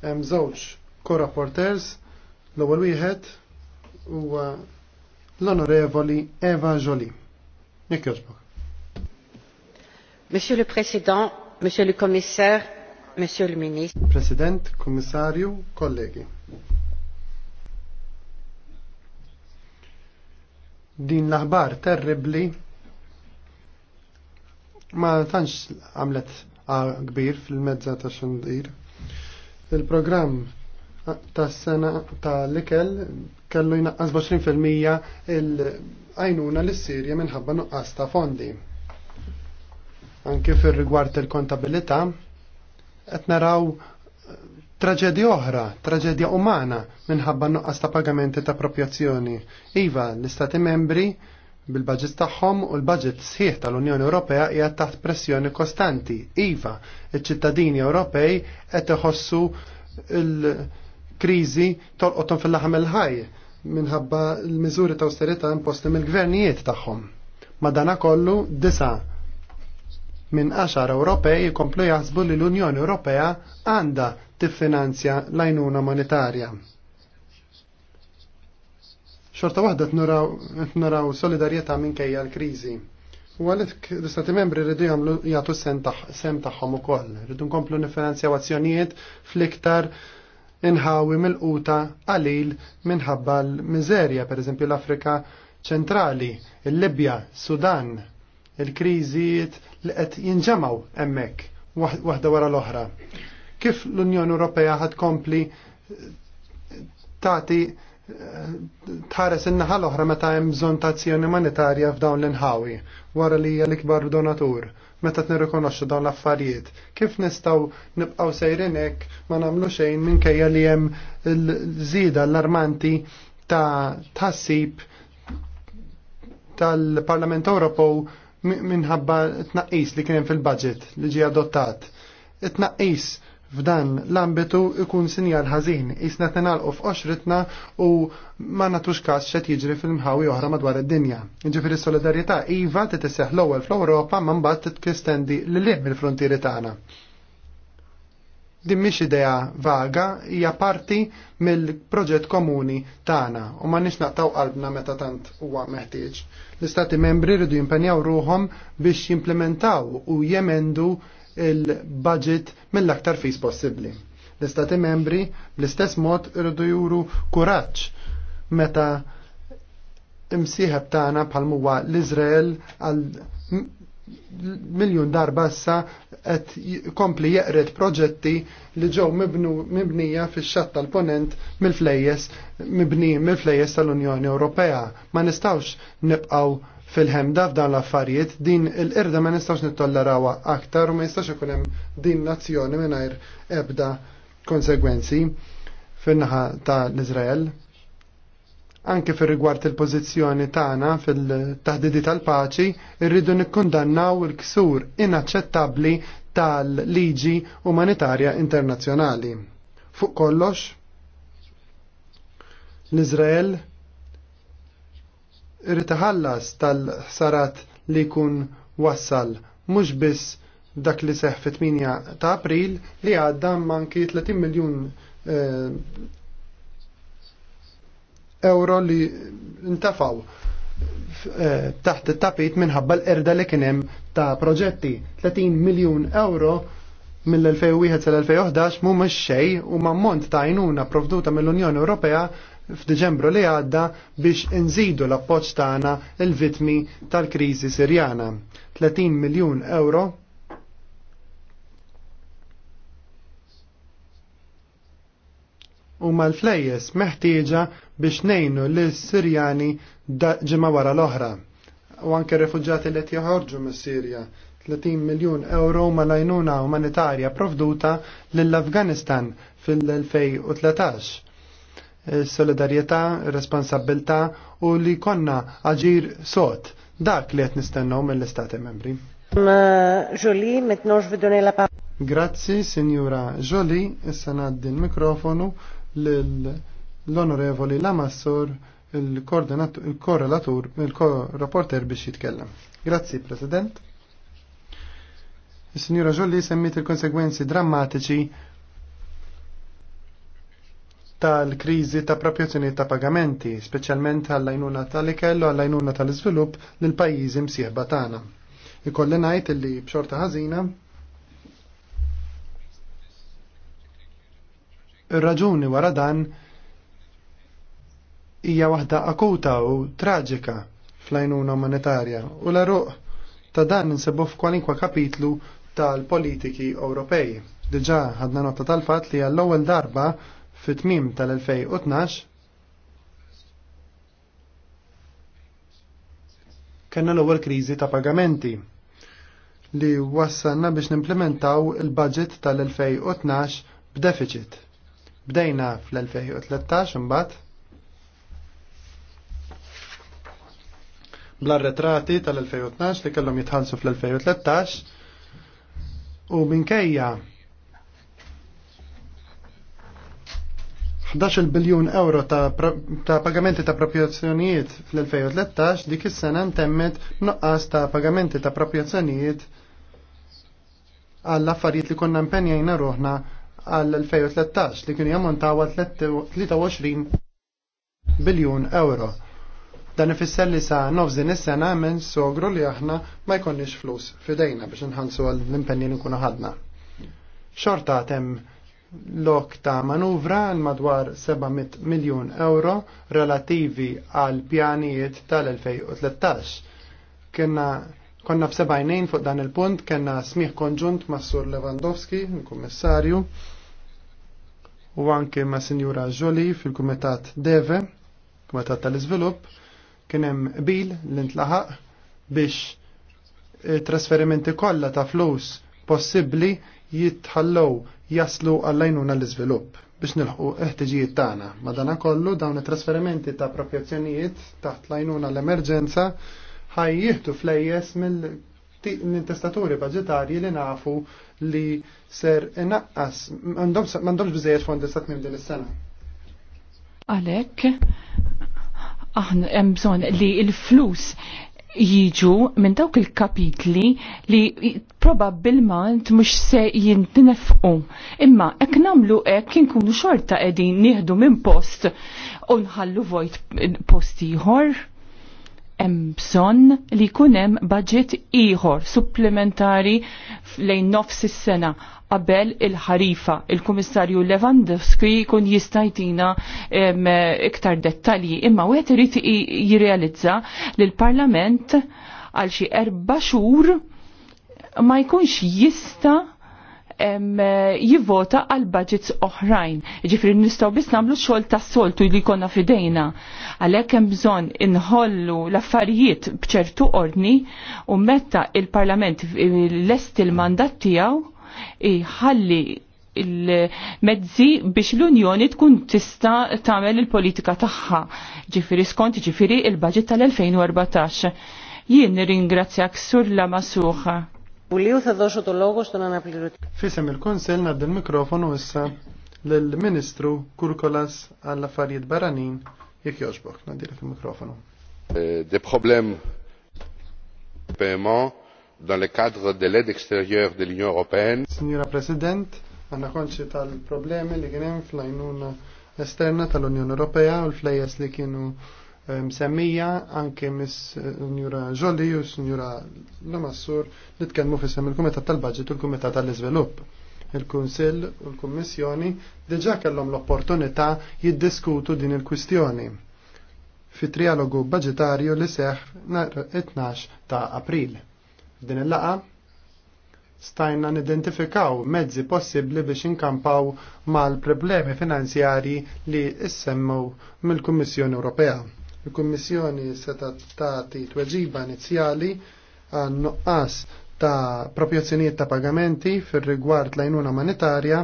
Hemm żewġ korrapporters, l-ewwel wieħed huwa l-Onorevoli Eva Jolie. Jekk jogħġbok. Monsieur le Président, Monsieur le Commissaire, Monsieur le Ministre. President, Kommissarju, kollegi. Din l-aħbar terribli ma tantx għamlet kbir fil-mezza ta' xandir Il-programm tas sena ta' l-ikel kellu jnaqqas 20% il-għajnuna l-Sirja minħabba nuqqas ta' fondi. Anke fir rigward il-kontabilità, qed naraw eh, traġedja oħra, traġedja umana minħabba nuqqas ta' pagamenti ta' propjazzjoni. Iva, l-Istati membri bil-budget tagħhom u l-budget sħiħ tal-Unjoni Ewropea hija taħt pressjoni kostanti. Iva, iċ-ċittadini Ewropej qed iħossu l-kriżi tolqothom fil-laħam il-ħaj minħabba l-miżuri ta' austerità imposti mill-gvernijiet tagħhom. Madanakollu kollu disa minn 10 Ewropej jkomplu jaħsbu li l-Unjoni Ewropea għandha tiffinanzja l-għajnuna monetarja. Xorta wahda t naraw solidarieta minkejja l-krizi. U għalek l-istati membri rridu jgħamlu jgħatu sem taħħom u koll. Rridu nkomplu nifinanzjaw azzjonijiet fl-iktar inħawi mill-quta għalil minħabba l-mizerja, per eżempju l-Afrika ċentrali, il-Libja, Sudan, il-kriżijiet li qed jinġamaw hemmhekk waħda wara l-oħra. Kif l-Unjoni Ewropea ħad kompli eh, tagħti tħares in-naħa l-oħra meta hemm bżonn ta' azzjoni umanitarja f'dawn l-inħawi wara li hija l-ikbar donatur meta nirrikonoxxu dawn l-affarijiet. Kif nistgħu nibqgħu sejrin hekk ma nagħmlu xejn minkejja li hemm l-żieda allarmanti ta' tassib tal-Parlament Ewropew minħabba tnaqqis li kien fil-budget li ġie adottat. It-tnaqqis F'dan l-ambitu ikun sinjal ħażin, isna tenalqu f'qoxritna u ma natux kas xed jiġri fil-mħawi oħra madwar id-dinja. Ġifieri s-solidarjetà iva titiseħ l-ewwel fl-Ewropa ma mbagħad titkistendi l liem il frontieri tagħna. Din mhix idea vaga hija parti mill-proġett komuni tagħna u ma nix naqtaw qalbna meta tant huwa meħtieġ. L-Istati membri rridu jimpenjaw ruhom biex jimplementaw u jemendu il-budget mill-aktar fis possibbli. L-istati membri bl-istess mod irridu juru kuraġġ meta imsieħeb tagħna bħal muwa l-Iżrael għal miljon darba b'assa qed kompli jeqret proġetti li ġew mibnija fix-xatt tal-ponent mill-flejjes mibni mill-flejjes tal-Unjoni Ewropea. Ma nistawx nibqgħu fil-ħemda f'dan l-affarijiet din il-qirda ma nistax nittollerawa aktar u ma jistax ikun hemm din nazzjoni mingħajr ebda konsegwenzi fin-naħa ta' l-Iżrael. Anke fir rigward il-pożizzjoni tagħna fil-taħdidi tal-paċi, irridu nikkundannaw il-ksur inaċċettabbli tal-liġi umanitarja internazzjonali. Fuq kollox, l-Izrael irtaħallas iħallas tal-ħsarat li jkun wassal mhux biss dak li seħ fit-8 ta' April li għadda manki 30 miljun eh, euro li ntafaw eh, taħt it-tapit minħabba l-erda li kienem ta' proġetti 30 miljun euro mill-2001 sal-2011 mu mux xej u mont ta' jnuna provduta mill-Unjoni Ewropea f'Diċembru li għadda biex inżidu l-appoġġ tagħna il-vitmi tal-kriżi Sirjana. 30 miljun euro u l-flejjes meħtieġa biex nejnu l-Sirjani ġimgħa wara l-oħra. U anke refuġġati li qed joħorġu mis-Sirja. 30 miljun euro ma lajnuna umanitarja provduta lill-Afganistan fil-2013 solidarieta, responsabilità u li konna aġir sot. Dak li qed nistennaw mill-Istati Membri. Jolie, metnox vidone la pa. Grazzi, Signora Jolie, issa naddi l-mikrofonu l-Onorevoli Lamassor, il-korrelatur, il-rapporter biex jitkellem. Grazzi, President. Signora Jolie semmit il-konsegwenzi drammatiċi tal-krizi ta' propjozzjoni ta' pagamenti, speċjalment għall-għajnuna tal-ikellu għall-għajnuna tal-izvilupp lill pajjiżi msieħba tagħna. Ikolli ngħid li b'xorta ħażina ir-raġuni wara dan hija waħda akuta u traġika fl-għajnuna umanitarja u l-eruq ta' dan insebu f'kwalinkwa kapitlu tal-politiki Ewropej. Diġà ħadna nota tal-fatt li għall-ewwel darba fit-tmim tal-2012 kena l-ewwel kriżi ta' pagamenti li wassalna biex nimplementaw il-budget tal-2012 b'deficit. Bdejna fl-2013 imbagħad bl-arretrati tal-2012 li kellhom jitħallsu fl-2013 u minkejja 11 biljun euro ta', ta pagamenti ta' propjazzjonijiet fl-2013 dik is-sena ntemmet noqqas ta' pagamenti ta' propjazzjonijiet għall affarijiet li konna mpenjajna ruħna għall-2013 li kien jammontaw 23 biljun euro. Dan ifisser li sa' nofżin is-sena minn sogru li aħna ma jkollniex flus fidejna biex nħallsu għall-impenni li ħadna. Xorta tem lok ta' manuvra għal madwar 700 miljon euro relativi għal pjanijiet tal-2013. Kenna konna f fuq dan il-punt, kena smiħ konġunt ma' Sur Lewandowski, il-Kummissarju, u anke ma' Sinjura Joli fil-Kumitat Deve, Kumitat tal izvilup kienem bil l-intlaħaq biex eh, trasferimenti kollha ta' flus possibbli jitħallow jaslu għallajnuna l-izvilupp biex nilħu eħtiġijiet tagħna. Madanakollu dawn it-trasferimenti ta' propjazzjonijiet taħt lajnuna l-emerġenza ħajjieħdu flejjes mill-intestaturi budġetarji li nafu li ser inaqqas m'għandhomx biżejjed fondi sa tmiem din is-sena. Għalhekk aħna hemm bżonn li l-flus jiġu minn dawk il-kapitli li probabbilment mhux se jintinefqu. Imma hekk nagħmlu hekk inkunu xorta qegħdin nieħdu minn post u nħallu vojt post ieħor hemm bżonn li jkun hemm budget ieħor supplementari lejn nofs is-sena qabel il-ħarifa. Il-Kummissarju Lewandowski kun jistajtina iktar dettalji. Imma u irid jirrealizza li l-Parlament għal xi erba' xhur ma jkunx jista' jivvota għal budgets oħrajn. Ġifri nistaw bis namlu xol ta' soltu li konna fidejna. Għalek hemm bżon inħollu l-affarijiet bċertu ordni u metta il-parlament l-est il-mandat tijaw iħalli il-mezzi biex l-Unjoni tkun tista tagħmel il-politika tagħha. Ġifieri skont ġifieri il baġit tal-2014. Jien nirringrazzjak sur la masuħa. Uliju ta' doxu t-logu xtun għana Fisem il-Konsel nad il-mikrofonu issa l-Ministru Kurkolas għall-affarijiet Baranin jek joġbok. Nadilek il-mikrofonu. Eh, de problem paiement dans le cadre de l'aide extérieure de l'Union européenne Signora President, għanna konċi tal-problemi li kienem fl-għajnuna esterna tal-Unjoni Ewropea u l-flejes li kienu msemmija ehm, anke miss eh, Signora Jolli u Signora Lomassur li tkellmu fissem il-Kumitat tal-Budget u l-Kumitat tal-Izvilupp il-Kunsill u l-Kummissjoni diġa kellhom l-opportunità jiddiskutu din il-kwistjoni fi trialogu budgetarju li seħ nar 12 ta' April. F'din il-laqa stajna nidentifikaw mezzi possibli biex inkampaw mal-problemi finanzjari li issemmu mill-Kummissjoni Ewropea. Il-Kummissjoni seta tagħti tweġiba inizjali għan nuqqas ta' propjozzjonijiet ta' pagamenti fir-rigward lajnuna monetarja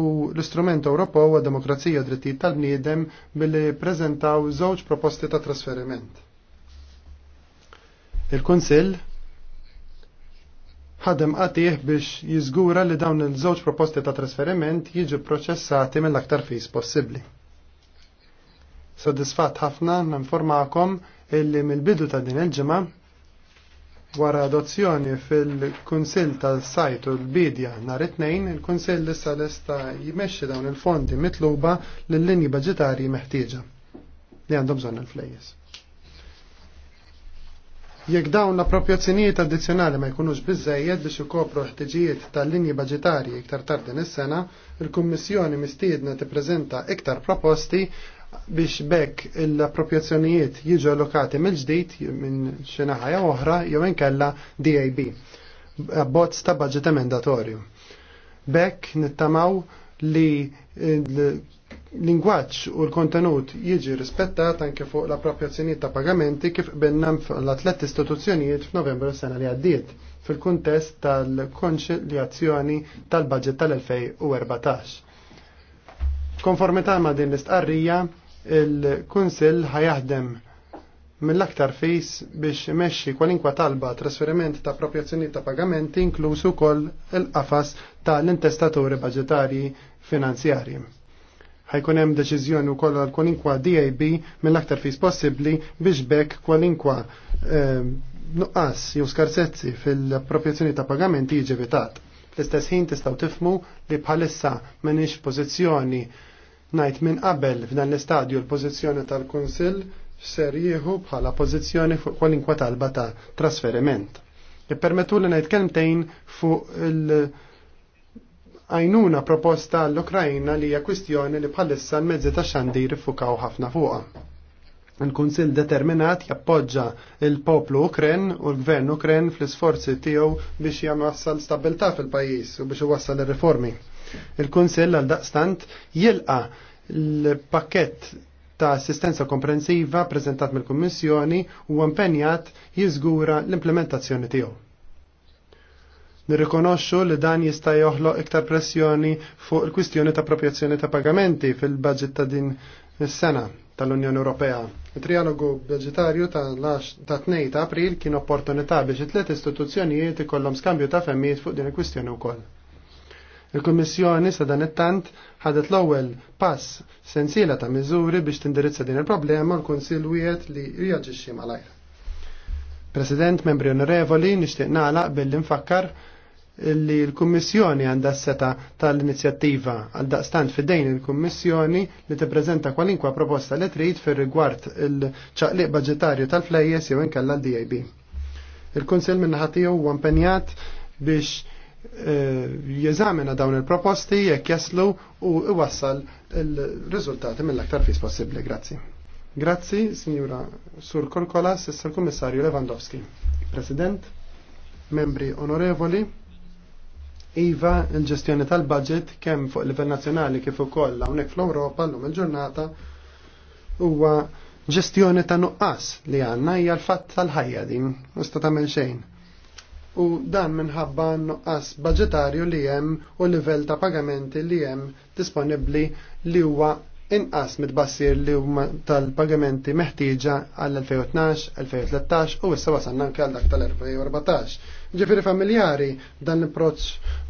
u l-istrument Ewropew għad demokrazija u drittijiet tal-bniedem billi prezentaw żewġ proposti ta' trasferiment. Il-Kunsill ħadem qatih biex jiżgura li dawn il-żewġ proposti ta' trasferiment jiġu proċessati mill-aktar fis possibbli. Sodisfatt ħafna ninformakom illi mill-bidu ta' din il-ġimgħa wara adozzjoni fil-Kunsill tas sajt u l-Bidja nhar it-tnejn, il-Kunsill issa lesta jmexxi dawn il-fondi mitluba lill-linji budġetarji meħtieġa li għandhom bżonn il-flejjes. Jekk dawn l-appropriazzjonijiet addizzjonali ma jkunux biżejjed biex ikopru ħtiġijiet tal-linji budgetarji iktar tard din is-sena, il-Kummissjoni mistiedna tippreżenta iktar proposti biex bekk l-appropriazzjonijiet jiġu allokati mill-ġdid minn xi naħa oħra jew inkella DAB, abbozz ta' budget emendatorju. Bekk nittamaw li lingwaġġ u l-kontenut jiġi rispettat anke fuq l-appropriazzjonijiet ta' pagamenti kif qbilna l-atlet istituzzjonijiet f'Novembru sena li għaddiet fil-kuntest tal-konċiljazzjoni tal-budget tal-2014. Konformità ma' din l-istqarrija, il-Kunsill ħajaħdem mill-aktar fis biex imexxi kwalinkwa talba trasferiment ta' appropriazzjonijiet ta' pagamenti inklusu kol il-qafas tal-intestaturi budgetari finanzjarji ħajkun hemm deċiżjoni wkoll għal kwalinkwa DAB mill-aktar fis possibbli biex bekk kwalinkwa ehm, nuqqas jew skarsezzi fil-appropjazzjoni ta' pagamenti jiġi evitat. Fl-istess ħin tistgħu tifmu li bħalissa m'għandix pożizzjoni ngħid minn qabel f'dan l-istadju l-pożizzjoni tal-Kunsill ser jieħu bħala pożizzjoni fuq kwalinkwa talba ta' trasferiment. Ippermettu li ngħid kelmtejn fuq il- għajnuna proposta l-Ukrajna li hija kwistjoni li bħalissa l-mezzi ta' xandi rifukaw ħafna fuqha. Il-Kunsil determinat jappoġġa il-poplu Ukren u l-Gvern Ukren fl-isforzi tiegħu biex jamassal stabilità fil-pajjiż u biex iwassal ir-riformi. Il-Kunsil għal daqstant jilqa l-pakket ta' assistenza komprensiva preżentat mill-Kummissjoni u impenjat jiżgura l-implementazzjoni tiegħu. Nirrikonoxxu li dan jista' joħloq iktar pressjoni fuq il-kwistjoni ta' proprjazzjoni ta' pagamenti fil-budget ta' din is-sena tal-Unjoni Ewropea. Il-trialogu budgetarju ta' 2 ta' April kien opportunità biex it-tliet istituzzjonijiet ikollhom skambju ta' femmijiet fuq din il-kwistjoni wkoll. Il-Kummissjoni sa dan it-tant ħadet l-ewwel pass sensiela ta' miżuri biex tindirizza din il-problema l-Kunsill wiegħed li reaġixxi malajr. President, membri onorevoli, nixtieq nagħlaq billi nfakkar li l-Kummissjoni għandha s-seta tal-inizjattiva għal daqstant fidejn il-Kummissjoni li tippreżenta kwalinkwa proposta li trid fir-rigward il-ċaqliq budgetarju tal-flejjes jew inkella l-DIB. Il-Kunsill minnaħa tiegħu huwa impenjat biex eh, jeżamina dawn il-proposti jekk jaslu u iwassal il-riżultati mill-aktar fis possibbli. Grazzi. Grazzi, signora Sur Korkolas, s-Sar Kommissarju Lewandowski. President, membri onorevoli, Iva, il-ġestjoni tal-budget kemm fuq livell nazzjonali kif ukoll hawnhekk fl-Ewropa llum il-ġurnata huwa ġestjoni ta' nuqqas li għandna hija l-fatt tal-ħajja din, mista tagħmel xejn. U dan minħabba nuqqas budgetarju li hemm u livell ta' pagamenti li hemm disponibbli li huwa inqas mitbassir li huma tal-pagamenti meħtieġa għall-2012, 2013 u issa wasanna anke għal dak tal-2014. Ġifiri familjari dan l-approċ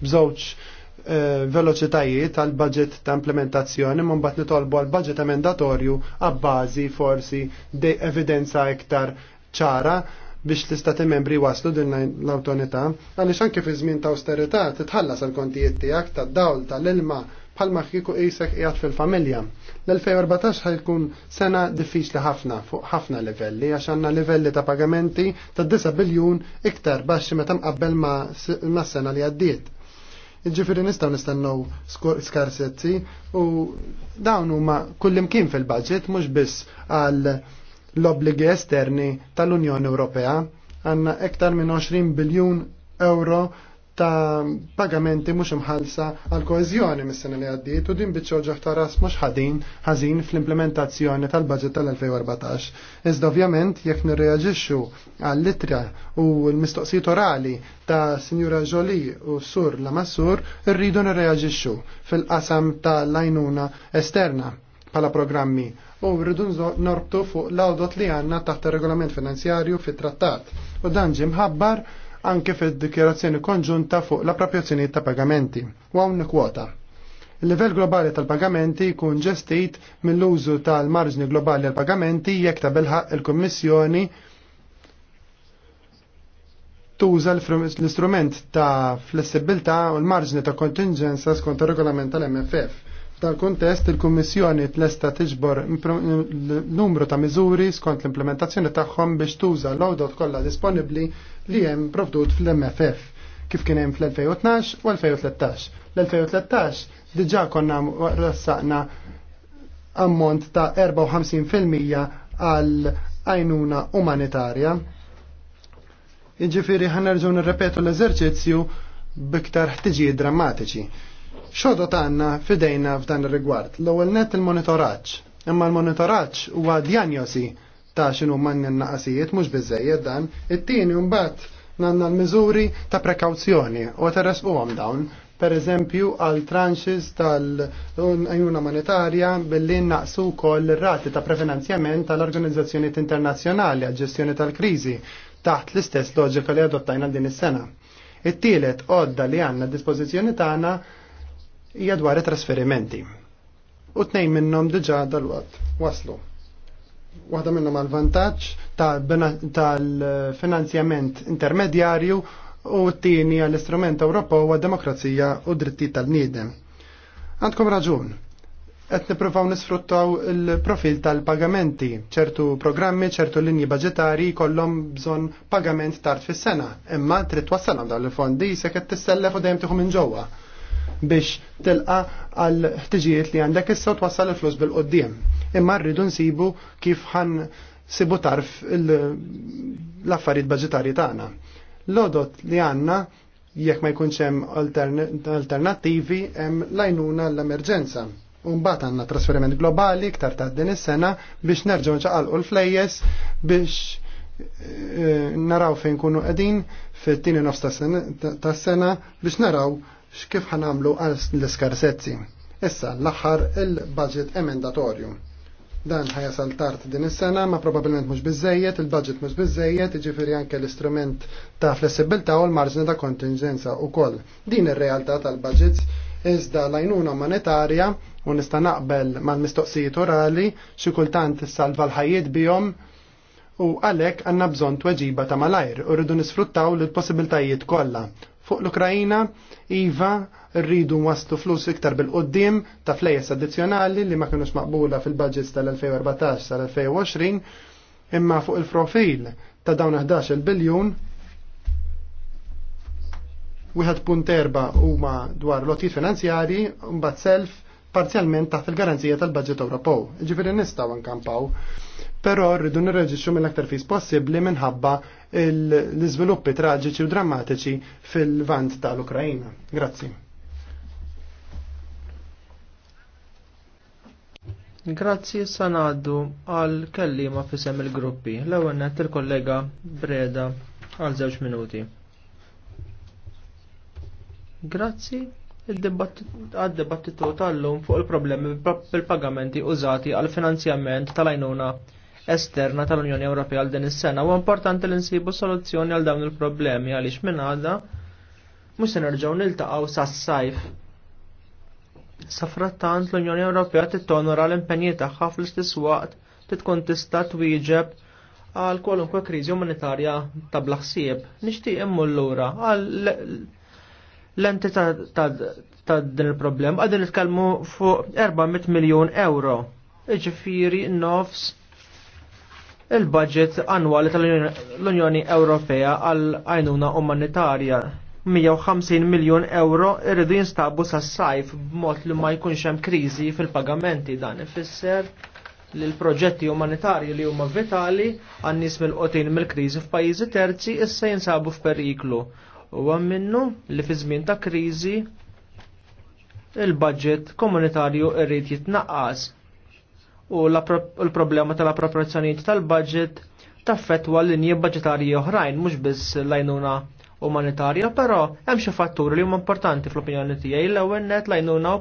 bżewġ eh, veloċitajiet għal budget ta' implementazzjoni ma mbagħad nitolbu għal budget emendatorju għabbażi forsi de evidenza iktar ċara biex l-istati membri waslu din l-autorità għaliex anke fi żmien ta' t titħallas għal kontijiet tiegħek tad-dawl l ilma ma kiku qisek qiegħed fil-familja. L-2014 ħajkun sena diffiċli ħafna fuq ħafna livelli għax għandna livelli ta' pagamenti ta' 9 biljun iktar baxx meta mqabbel ma' sena li għaddiet. Iġifiri nistaw nistennow skarsetzi u dawn huma kullimkien fil-budget mhux biss għal l-obligi esterni tal-Unjoni Ewropea għanna iktar minn 20 biljun euro ta' pagamenti mhux imħallsa għal koeżjoni mis-sena li għaddiet u din biċċew ġoħta ras mhux ħadin ħażin fl-implementazzjoni tal-budget tal-2014. Iżda ovvjament jekk nirreaġixxu għall-litra u l-mistoqsijiet orali ta' Sinjura Jolie u Sur la Massur irridu nirreaġixxu fil-qasam tal-lajnuna esterna pala programmi u rridu norbtu fuq l-awdot li għanna taħt il-regolament finanzjarju fit-trattat. U dan mħabbar anke fid-dikjerazzjoni konġunta fuq l-appropjazzjoni ta' pagamenti. U hawn kwota. Il-livell globali tal-pagamenti jkun ġestit mill-użu tal-marġni globali tal pagamenti jekk tabelħaq il-Kommissjoni tuża l-istrument ta' flessibilità u l-marġni ta' kontingenza skont ir-regolament tal-MFF Dal-kontest, il-Kummissjoni tlesta tiġbor numru ta' miżuri skont l-implementazzjoni tagħhom biex tuża l-għodot kollha disponibbli li hemm provdut fl-MFF kif kien hemm fl-2012 u 2013. L-2013 diġà konna rassaqna ammont ta' 54% għal għajnuna umanitarja. Iġifiri ħanerġu nirrepetu l-eżerċizzju biktar ħtiġijiet drammatiċi. Xodot għanna fidejna f'dan ir-rigward. L-ewwel net il-monitoraġġ. Imma l-monitoraġġ huwa djanjosi ta' manni n naqasijiet mhux biżejjed dan, it-tieni mbagħad nanna l-miżuri ta' prekawzjoni u terresquhom dawn per eżempju għal tranches tal-ajuna monetarja billi naqsu kol rati ta' prefinanzjament tal-organizzazzjoniet internazzjonali għal ġestjoni tal-krizi taħt l-istess loġika li adottajna din is-sena. It-tielet għodda li għanna dispożizzjoni tagħna hija dwar it trasferimenti. U tnejn minnhom diġà dalwaqt waslu. Waħda minnhom għal vantaġġ tal-finanzjament intermedjarju u t-tieni għall-istrument Ewropew għad demokrazija u drittijiet tal bniedem Għandkom raġun, qed nippruvaw nisfruttaw il-profil tal-pagamenti. ċertu programmi, ċertu linji baġetari kollhom bżonn pagament tard fis-sena, imma trid twassalhom dawn il-fondi se qed tissellef u dejjem tieħu minn ġewwa biex tilqa għal ħtiġijiet li għandek issa twassal il-flus bil-qoddim. Imma rridu nsibu kif ħan sibu tarf l-affarijiet budġetarji tagħna. Lodot li għandna jekk ma jkunx hemm alternattivi hemm lajnuna l-emerġenza. Umbat għanna trasferiment globali iktar ta' din is-sena biex nerġgħu nċaqalqu l-flejjes biex eh, naraw fejn kunu qegħdin fit-tieni nofs tas-sena biex naraw x'kif ħanamlu għal l skarsetzi Issa l-aħħar il-budget emendatorju. Dan ħajasal tard din is-sena, ma probabbilment mhux biżejjed, il-budget mhux biżejjed, jiġifieri anke l-istrument ta' flessibilità u l-marġni ta' kontingenza wkoll. Din ir-realtà tal-budgets iżda l-għajnuna monetarja u nista' naqbel mal-mistoqsijiet orali xi kultant issalva l-ħajjiet bihom u għalhekk għandna bżonn tweġiba ta' malajr u rridu nisfruttaw l possibiltajiet kollha Fuq l-Ukrajina, Iva, rridu waslu flus iktar bil-qoddim ta' flejes addizzjonali li ma kienux maqbula fil-budgets tal-2014 tal-2020, imma fuq il-profil ta' dawn 11 biljun 1.4 huma dwar lotit finanzjari, mbagħad self parzialment taħt il-garanzija tal-budget Ewropew. Ġifieri nistgħu nkampaw, però rridu nirreġixxu mill-aktar fis possibbli minħabba l-iżviluppi traġiċi u drammatiċi fil-vant tal ukraina Grazzi. Grazzi sanaddu għal kellima sem il-gruppi. L-ewwel il-kollega Breda għal żewġ minuti. Grazzi, il dibattitu tal-lum fuq il-problemi bil-pagamenti użati għal-finanzjament tal-għajnuna esterna tal-Unjoni Ewropea għal din is-sena u importanti li nsibu soluzzjoni għal dawn il-problemi għaliex minn għadha mhux se nerġgħu niltaqgħu sas-sajf. Safrattant l-Unjoni Ewropea titonora l-impenji tagħha fl-istess waqt titkun tista' twieġeb għal kwalunkwe kriżi umanitarja ta' blaħsieb. Nixtieq immu lura għal l-entità ta' din il-problem għadin nitkellmu fuq 400 miljon euro. Iġifiri nofs il-budget annwali tal-Unjoni Ewropea għal għajnuna umanitarja. 150 miljon euro irridu jinstabu sa' sajf b'mod li ma jkunx hemm kriżi fil-pagamenti dan ifisser li l-proġetti umanitarji li huma vitali għan nies mill-qotin mill-kriżi f'pajjiżi terzi issa jinsabu f'periklu Huwa minnu li fi żmien ta' kriżi il-budget komunitarju irrid jitnaqqas u l-problema tal-appropriazzjonijiet tal-budget taffetwa l-linji budgetarji oħrajn mhux biss l-għajnuna umanitarja, però hemm xi fatturi li huma importanti fl-opinjoni tiegħi l-ewwel net l-għajnuna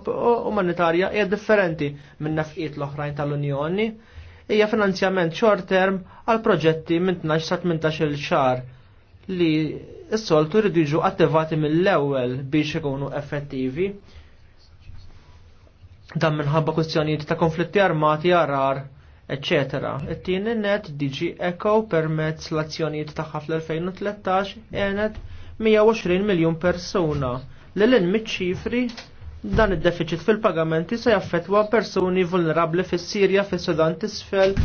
umanitarja hija differenti minn nefqiet l-oħrajn tal-Unjoni hija finanzjament short term għal proġetti minn 12 sa 18 il xahar li is-soltu rridu jiġu attivati mill-ewwel biex ikunu effettivi. Dan minħabba kwistjonijiet ta' konflitti armati għarar, etc. It-tieni net diġi eko permezz l-azzjonijiet ta' fl-2013 għenet 120 miljun persuna. Lil-in ċifri dan id-deficit fil-pagamenti se jaffetwa persuni vulnerabli fis-Sirja, fis-Sudan tisfel,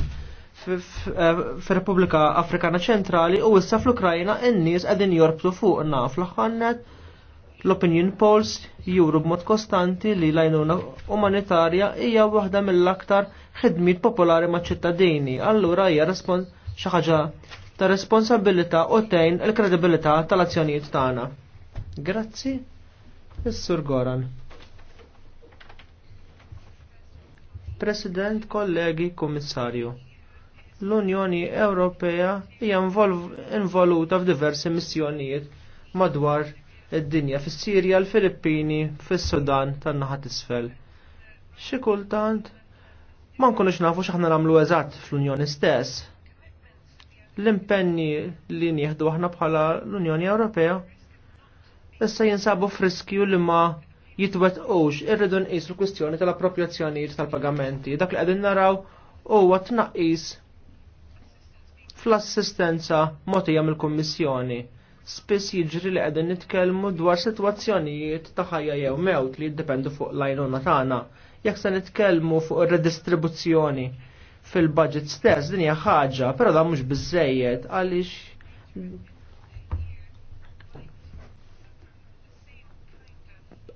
fir-Repubblika Afrikana Ċentrali u issa fl ukrajina n-nies qegħdin jorbtu fuq fl-ħannet l-opinion polls juru b'mod kostanti li l-għajnuna umanitarja hija waħda mill-aktar ħidmit popolari ma' ċittadini, allura hija xi ħaġa ta' responsabilità u tejn il-kredibilità tal-azzjonijiet tagħna. Grazzi, Is-Sur Goran. President, kollegi, Kummissarju l-Unjoni Ewropea hija involuta f'diversi missjonijiet madwar id-dinja fis-Sirja, l-Filippini, fis-Sudan tan-naħa t'isfel. Xi kultant ma nkunux nafu x'aħna nagħmlu eżatt fl-Unjoni stess. L-impenni li nieħdu aħna bħala l-Unjoni Ewropea issa jinsabu friskju li ma jitwetqux irridu nqisu l-kwistjoni tal-appropjazzjonijiet tal-pagamenti. Dak li qegħdin naraw huwa tnaqqis fl-assistenza mogħtija mill-Kummissjoni. Spiss jiġri li qegħdin nitkellmu dwar sitwazzjonijiet ta' ħajja jew mewt li jiddependu fuq l ajnuna tagħna. Jekk se nitkellmu fuq ir-redistribuzzjoni fil-budget stess din hija ħaġa, però dan mhux biżejjed għaliex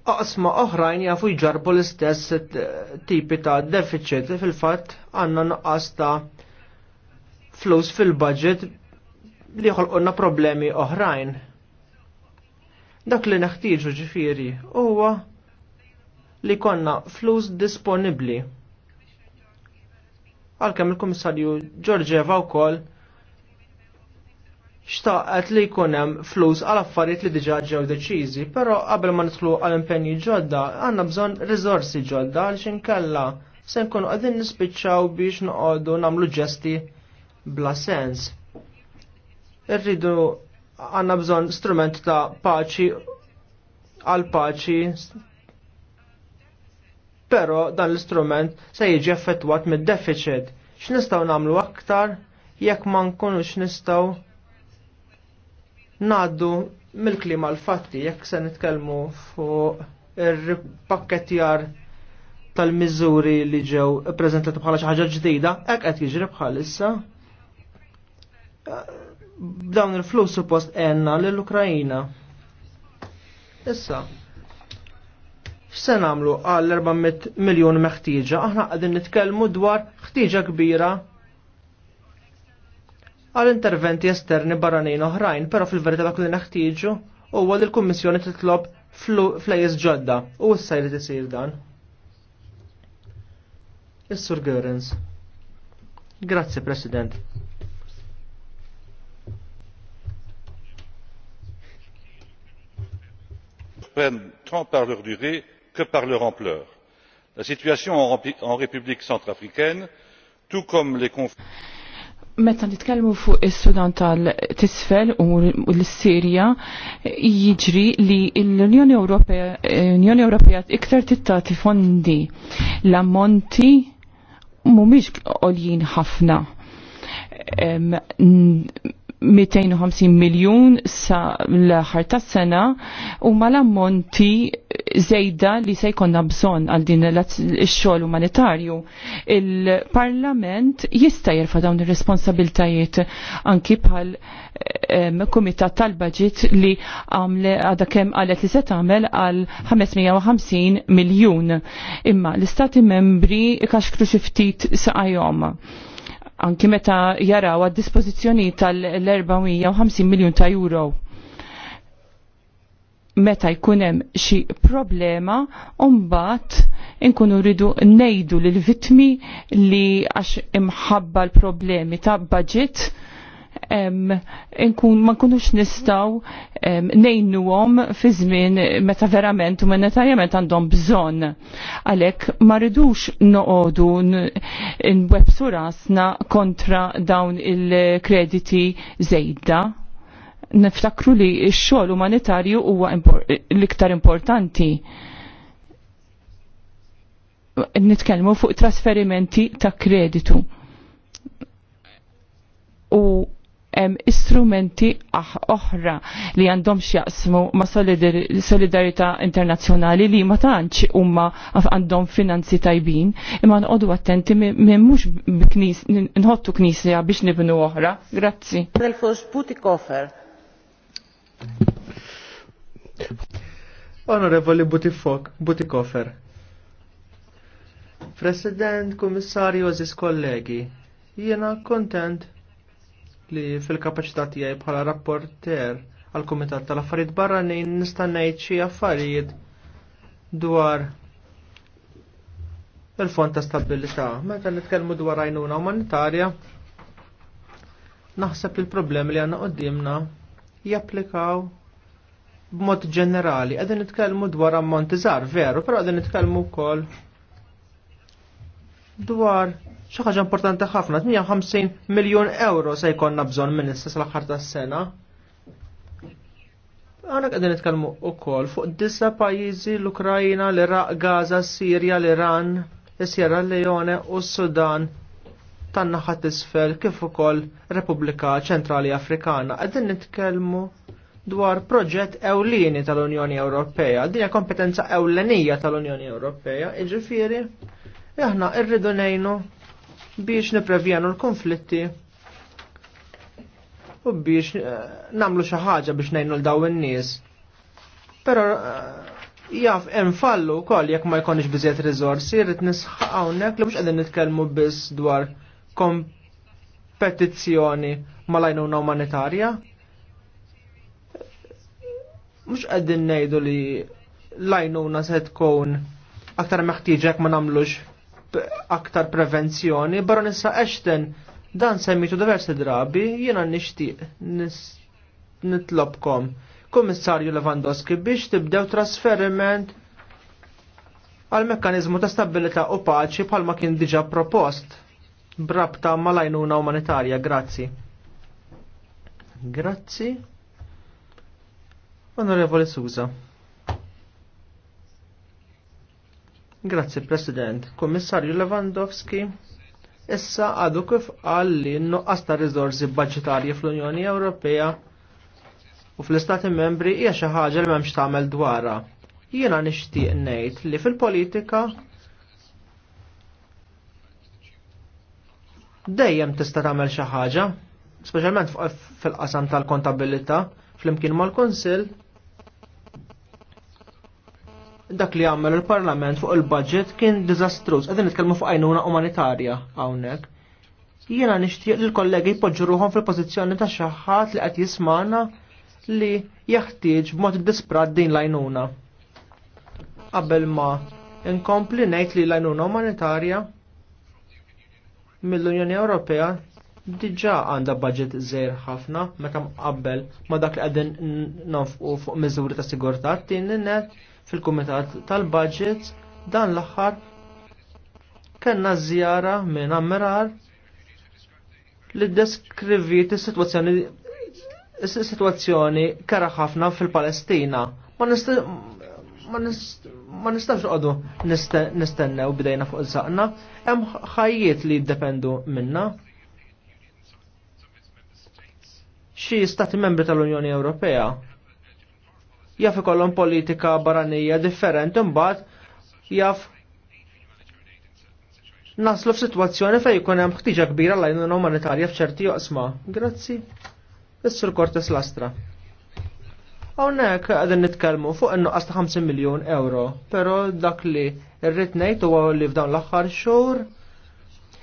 Aqsma oħrajn jafu jġarbu l-istess tipi ta' deficit fil-fatt għandna nuqqas ta' flus fil-budget li jħolqonna problemi oħrajn. Dak li neħtieġu ġifiri huwa li konna flus disponibli. Għalkemm il-Kummissarju Giorgeva wkoll xtaqet li jkun hemm flus għal affarijiet li diġà ġew deċiżi, però qabel ma nidħlu għal impenji ġodda għandna bżonn riżorsi ġodda għal xinkella se nkunu qegħdin nispiċċaw biex noqogħdu nagħmlu ġesti bla sens. Irridu għanna bżon strument ta' paċi għal paċi pero dan l-istrument se jiġi effettwat mid-deficit. X'nistgħu nagħmlu aktar jekk ma nkunux nistgħu ngħaddu mill-klima l-fatti jekk se nitkellmu fuq ir-pakketjar tal-miżuri li ġew ippreżentati bħala xi ħaġa ġdida, hekk qed jiġri bħalissa. issa b'dawn il-flus suppost enna l-Ukrajina. Issa, x'se nagħmlu għal 400 miljun meħtieġa, aħna għadin nitkellmu dwar ħtieġa kbira għal interventi esterni barranin oħrajn, però fil-verità dak li neħtieġu huwa li l-Kummissjoni titlob flejjes ġodda u issa jrid isir dan. Is-Sur Görens. Grazie President. surprennent tant par leur durée que par leur ampleur. la situation en république centrafricaine tout comme les conflits meta nitkellmu fuq is-Sudan tal-tisfel u l-Sirja jiġri li l-Unjoni Ewropea l-Unjoni Ewropea iktar tittati fondi l-ammonti mhumiex għoljin ħafna 250 miljon sa l-ħar tas sena u mal-ammonti zejda li se jkonna bżon għal din l-xogħol umanitarju. Il-Parlament jista' jerfa' dawn ir-responsabiltajiet anki bħal kumitat tal-budget li għada kem għalet li se tagħmel għal 550 miljun. Imma l-Istati membri kaxkru xi ftit għajoma anki meta jaraw għad dispozizjoni tal-450 miljon ta' euro meta jkunem xi problema umbat inkunu rridu nejdu l vitmi li għax imħabba l-problemi ta' budget inkun ma nkunux nistaw għom fi żmien meta verament u monetarjament għandhom bżonn. Għalhekk ma rridux noqogħdu websu rasna kontra dawn il-krediti żejda niftakru li x-xogħol umanitarju huwa l-iktar importanti. Nitkellmu fuq trasferimenti ta' kreditu. U istrumenti ah, oħra li għandhom xjaqsmu ma solidarità internazzjonali li ma tantx huma għandhom finanzi tajbin imma nqodu attenti minn mhux nħottu knisja biex nibnu oħra. Grazzi. Onorevoli Butifok, Butikofer. President, kommissarju Aziz kollegi, jiena kontent li fil-kapacità tiegħi bħala rapporter għal kumitat tal-affarijiet barranin nista' ngħid xi affarijiet dwar il-fond ta' stabilità. Meta nitkellmu dwar għajnuna umanitarja, naħseb li l-problemi li għandna qudiemna japplikaw b'mod ġenerali. Qegħdin nitkellmu dwar ammonti żgħar, veru, però qegħdin nitkellmu wkoll dwar xi ħaġa importanti ħafna, 58 miljun euro se jkollna bżonn minn issa sal-aħħar tas-sena. Għana qegħdin nitkellmu wkoll fuq disa pajjiżi l ukrajina l-Iraq, Gaza, Sirja, l-Iran, l sierra Leone u s-Sudan tan-naħa tisfel kif ukoll Repubblika Ċentrali Afrikana. Qegħdin nitkellmu dwar proġett ewlieni tal-Unjoni Ewropea, dinja kompetenza ewlenija tal-Unjoni Ewropea, jiġifieri. E aħna rridu ngħinu biex neprevjanu l-konflitti u biex eh, namlu xi ħaġa biex ngħinu l daw in-nies. Però eh, jaf hemm fallu wkoll jekk ma jkunx biżejjed riżorsi, jrid nisħaq hawnhekk li mhux qegħdin nitkellmu biss dwar kompetizzjoni mal-għajnuna umanitarja. Mhux qegħdin ngħidu li l-għajnuna se tkun aktar meħtieġa jekk ma nagħmlux aktar prevenzjoni, baronessa Ashton, dan semmitu diversi drabi, jiena nixtieq nitlobkom. Kummissarju Lewandowski biex tibdew trasferiment għal mekkanizmu ta' stabilita u paċi bħalma kien diġa propost brabta mal-għajnuna umanitarja. Grazzi. Grazzi. Onorevoli Susa. Grazzi President. Kommissarju Lewandowski, issa għadu kif qal li n-nuqqas ta' riżorsi budgetarji fl-Unjoni Ewropea u fl-Istati Membri hija xi ħaġa li m'hemmx tagħmel dwarha. Jiena nixtieq ngħid li fil-politika dejjem tista' tagħmel xi ħaġa, speċjalment fil-qasam tal-kontabilità fl-imkien mal-Kunsill dak li għamel il-Parlament fuq il-budget kien dizastruż. Għedin nitkellmu fuq għajnuna umanitarja hawnhekk. Jiena nixtieq li l-kollegi jpoġġu ruħhom fil-pożizzjoni ta' xi ħadd li qed jismana li jaħtieġ b'mod disprat din l-għajnuna. Qabel ma inkompli ngħid li l-għajnuna umanitarja mill-Unjoni Ewropea diġa għanda budget zer ħafna meta mqabbel ma dak li qegħdin nafqu fuq miżuri ta' sigurtà tieni net fil-kumitat tal-budget dan l-aħħar kellna żjara minn ammirar li deskrivit is-sitwazzjoni is-sitwazzjoni kera ħafna fil-Palestina. Ma nistax għadu nistennew bidejna fuq il-saqna, hemm ħajjiet li jiddependu minna. xi stati membri tal-Unjoni Ewropea jaf ikollhom politika barranija differenti mbagħad jaf naslu f'sitwazzjoni fejn jkun hemm ħtiġa kbira l-għajnuna umanitarja f'ċerti joqsma. Grazzi. Is-Sur Cortes Lastra. Hawnhekk qegħdin nitkellmu fuq in-nuqqas ta' 50 miljun euro, però dak li rrid ngħid huwa li f'dawn l-aħħar xhur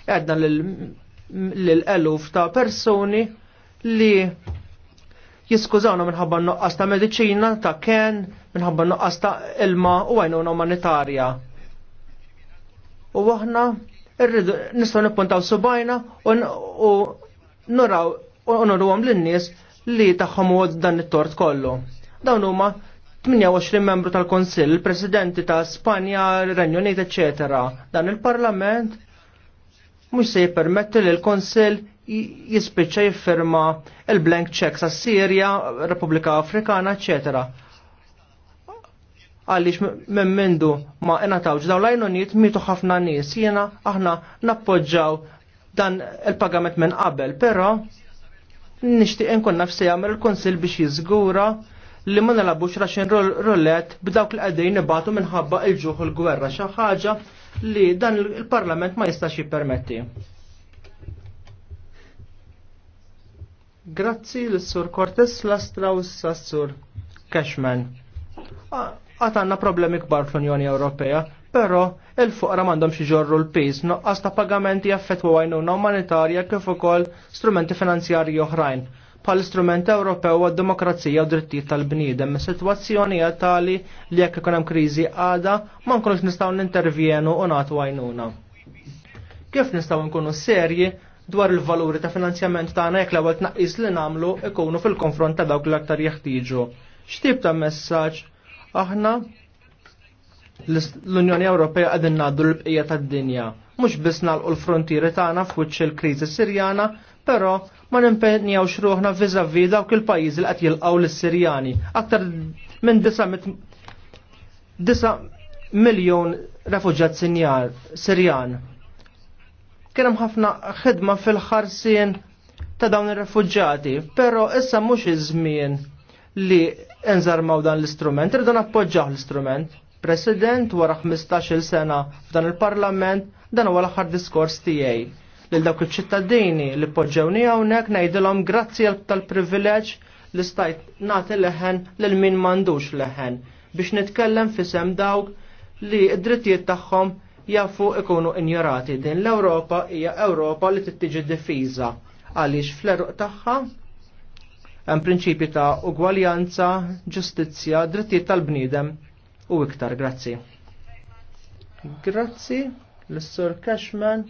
għedna l-eluf ta' persuni li jiskużawna minħabba noqqas ta' mediċina, ta' ken, minħabba noqqas ta' ilma u għajnuna umanitarja. U aħna irridu nistgħu nippuntaw subajna u nuraw u nuru għam l-nies li tagħhom u dan it-tort kollu. Dawn huma 28 membru tal il presidenti ta' Spanja, Renju Unit, eċetera. Dan il-Parlament mhux se jippermetti li l konsil jispiċċa jifferma il-blank checks għas Sirja, Repubblika Afrikana, eccetera. Għaliex minn mindu ma tawġ dawn lajnuniet mitu ħafna nies jiena aħna nappoġġaw dan il-pagament minn qabel, però nixtieq inkun nafsi jagħmel il-Kunsill biex jiżgura li ma nalabux raxin rullet b'dawk li għaddej nibatu minħabba il-ġuħ il-gwerra xi ħaġa li dan il-Parlament ma jistax jippermetti. Grazzi l-Sur Cortes Lastra u s-Sur Cashman. Għatanna problemi kbar fl-Unjoni Ewropea, pero il-fuqra mandom ġorru l-pis, noqqas ta' pagamenti jaffetwa għajnuna umanitarja kif ukoll strumenti finanzjarji oħrajn pal strument Ewropew għad-demokrazija u drittijiet tal-bniedem. Situazzjoni tali li jekk ikun hemm kriżi għada ma nkunux nistgħu nintervjenu u nagħtu għajnuna. Kif nistgħu nkunu serji dwar il-valuri ta' finanzjament tagħna jek l-ewwel tnaqqis li nagħmlu ikunu fil-konfront ta' dawk l-aktar jeħtieġu. X'tip ta' messaġġ aħna l-Unjoni Ewropea qegħdin naddu l-bqija tad-dinja. Mhux biss nagħlqu l-frontieri tagħna f'wiċċ il-kriżi Sirjana, però ma xruħna ruħna viżavi dawk il-pajjiżi li qed jilqgħu lis-Sirjani. Aktar minn 9 miljon refuġat Sirjan Kien ħafna ħidma fil-ħarsien ta' dawn ir refugġati però issa mhux iż-żmien li nżarmaw dan l-istrument, irdu nappoġġaw l-istrument. President wara 15-il sena f'dan il-Parlament dan huwa l-aħħar diskors tiegħi lil dawk iċ-ċittadini li poġġewni hawnhekk ngħidilhom grazzi tal-privileġġ li stajt nagħti leħen lil min m'għandux leħen biex nitkellem fisem dawk li d-drittijiet tagħhom jafu ikunu injorati din l-Ewropa hija Ewropa li tittiġi diffiża għaliex fl-eruq tagħha hemm prinċipji ta' ugwaljanza, ġustizzja, drittijiet tal-bniedem u iktar. Grazzi. Grazzi l-Sur Cashman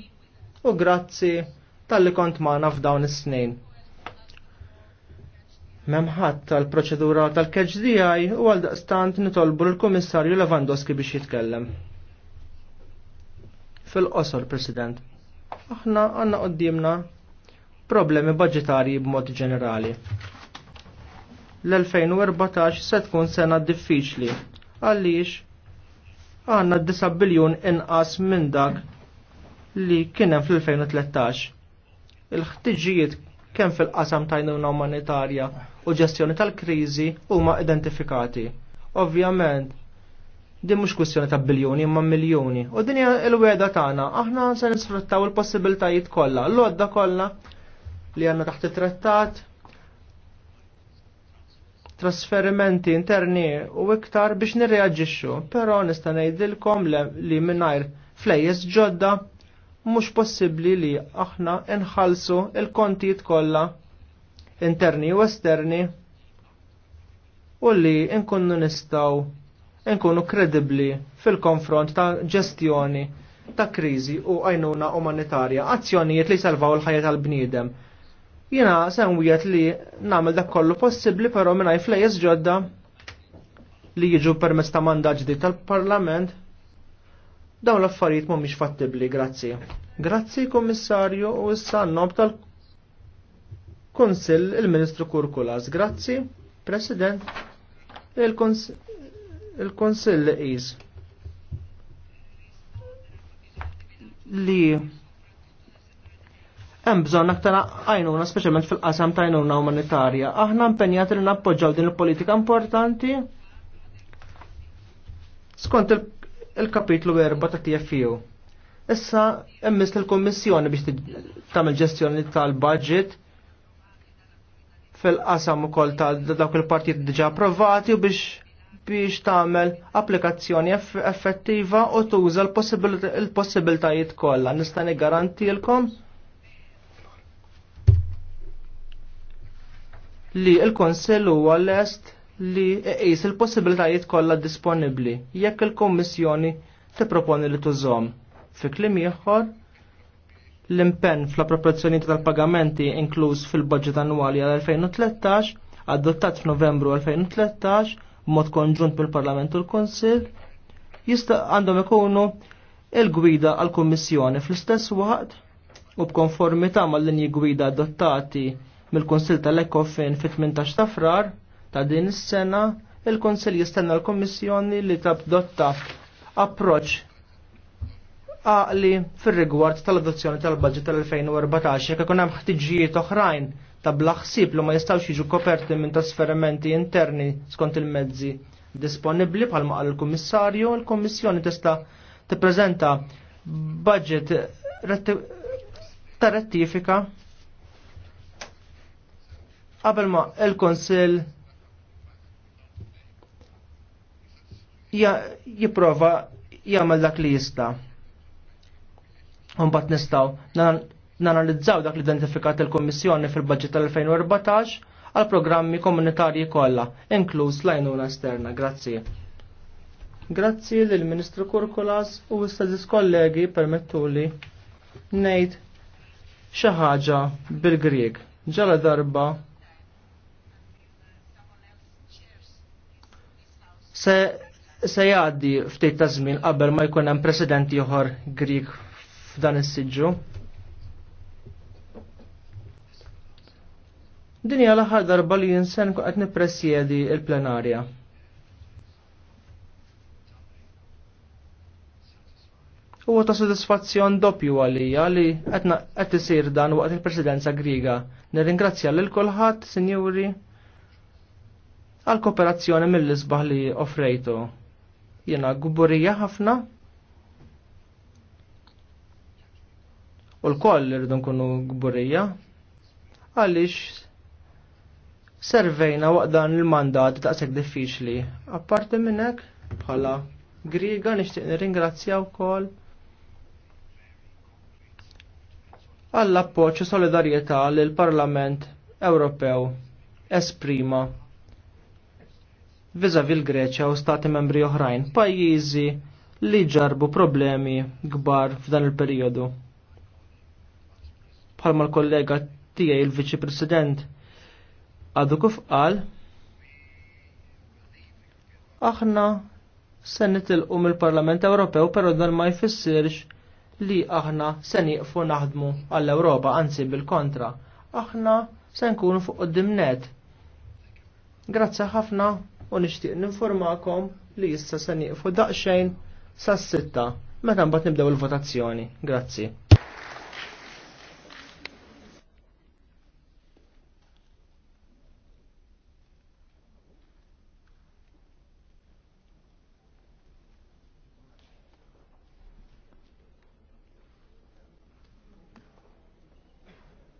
u grazzi tal-li kont magħna f'dawn is-snin. Memħat tal-proċedura tal keġdijaj u għal daqstant nitolbu l-Komissarju Lewandowski biex jitkellem. Fil-qosor, President, aħna għanna qoddimna problemi budġetarji b'mod ġenerali. L-2014 se tkun sena diffiċli għaliex għanna 9 biljun inqas minn dak li kienem fl-2013. Il-ħtiġijiet kemm fil-qasam tajnuna umanitarja u ġestjoni tal-kriżi huma identifikati. Ovvjament, Din mhux kwistjoni ta' biljuni imma miljuni. U din hija l-weda tagħna, aħna se nisfruttaw il-possibiltajiet kollha, l-għodda kollha li għandna taħt it-trattat, trasferimenti interni u iktar biex nirreagġixxu, però nista' ngħidilkom li mingħajr flejjes ġodda mhux possibbli li aħna nħallsu il-kontijiet kollha interni u esterni u li nkunu nistgħu nkunu kredibbli fil-konfront ta' ġestjoni ta' kriżi u għajnuna umanitarja, azzjonijiet li salvaw il-ħajja tal-bniedem. Jina senwiet li namel dak kollu possibli però minnaj flejes ġodda li jiġu permezz ta' mandat ġdid tal-Parlament dawn l-affarijiet mhumiex fattibbli, grazzi. Grazzi Kummissarju u issa nob tal-Kunsill il-Ministru Kurkulas. Grazzi, President. il kunsil il-Konsill qis li hemm bżonn aktar għajnuna speċjalment fil-qasam ta' għajnuna umanitarja. Aħna impenjati li nappoġġaw din il-politika importanti skont il-kapitlu 4 ta' TFU. Issa emmis l kommissjoni biex tagħmel ġestjoni tal-budget fil-qasam ukoll ta' dawk il-partijiet diġà approvati u biex biex tagħmel applikazzjoni effettiva u tuża l-possibiltajiet kollha. Nista' niggarantilkom li l kunsill huwa lest li qis il-possibiltajiet kollha disponibbli jekk il kummissjoni tipproponi li tużhom. Fi kliem ieħor, l-impenn fl-appropriazzjoni tal-pagamenti inkluż fil-budget annwali għal 2013 adottat f'Novembru 2013 mod konġunt bil-Parlament u l-Konsil jista' għandhom ikunu il-gwida għal kummissjoni fl-istess waqt u b'konformità mal-linji gwida adottati mill-Konsil tal-Ekofin fit-18 ta' frar ta' din is-sena il-Konsil jistenna l-Kommissjoni li tabdotta approċ għaqli fil rigward tal-adozzjoni tal-budget tal-2014 jekk ikun hemm ħtiġijiet oħrajn ta' blaħsib li ma jistawx jiġu koperti minn trasferimenti interni skont il-mezzi disponibli bħalma qal il-Kummissarju, l kummissjoni tista' tippreżenta budget ta' rettifika qabel ma l konsil jipprova jagħmel dak li jista'. Mbagħad nistgħu nanalizzaw dak l-identifikat il-Kommissjoni fil-budget tal-2014 għal programmi komunitarji kollha, inkluż l-għajnuna esterna. Grazzi. Grazzi lill ministru Kurkulas u istadis kollegi permettuli ngħid xi ħaġa bil-Grieg. Ġala darba se se jgħaddi ftit ta' żmien qabel ma jkun hemm president ieħor Grieg f'dan is-siġġu. Dinja l-aħħar darba li jinsen qed nippresjedi il-plenarja. Huwa ta' sodisfazzjon doppju għalija li qed isir dan waqt il-Presidenza Griga. Nirringrazzja lil kulħadd, Sinjuri, għal kooperazzjoni mill-isbaħ li offrejtu. Jena gubburija ħafna u l-koll irridu nkunu gburija għaliex servejna waqt dan il-mandat daqshekk diffiċli. Apparti minn hekk bħala griga nixtieq nirringrazzjaw ukoll. għall appoġġ u solidarjetà li l-Parlament Ewropew esprima viża l-Greċja u stati membri oħrajn, pajjiżi li ġarbu problemi kbar f'dan il-perjodu. Bħalma l-kollega tiegħi il-Viċi President għadu kif qal aħna se nitilqu mill-Parlament Ewropew però dan ma jfissirx li aħna se nieqfu naħdmu għall-Ewropa, anzi bil-kontra. Aħna se nkunu fuq net. Grazzi ħafna u nixtieq ninformakom li issa se nieqfu daqsxejn sas-sitta meta mbagħad nibdew il-votazzjoni. Grazzi.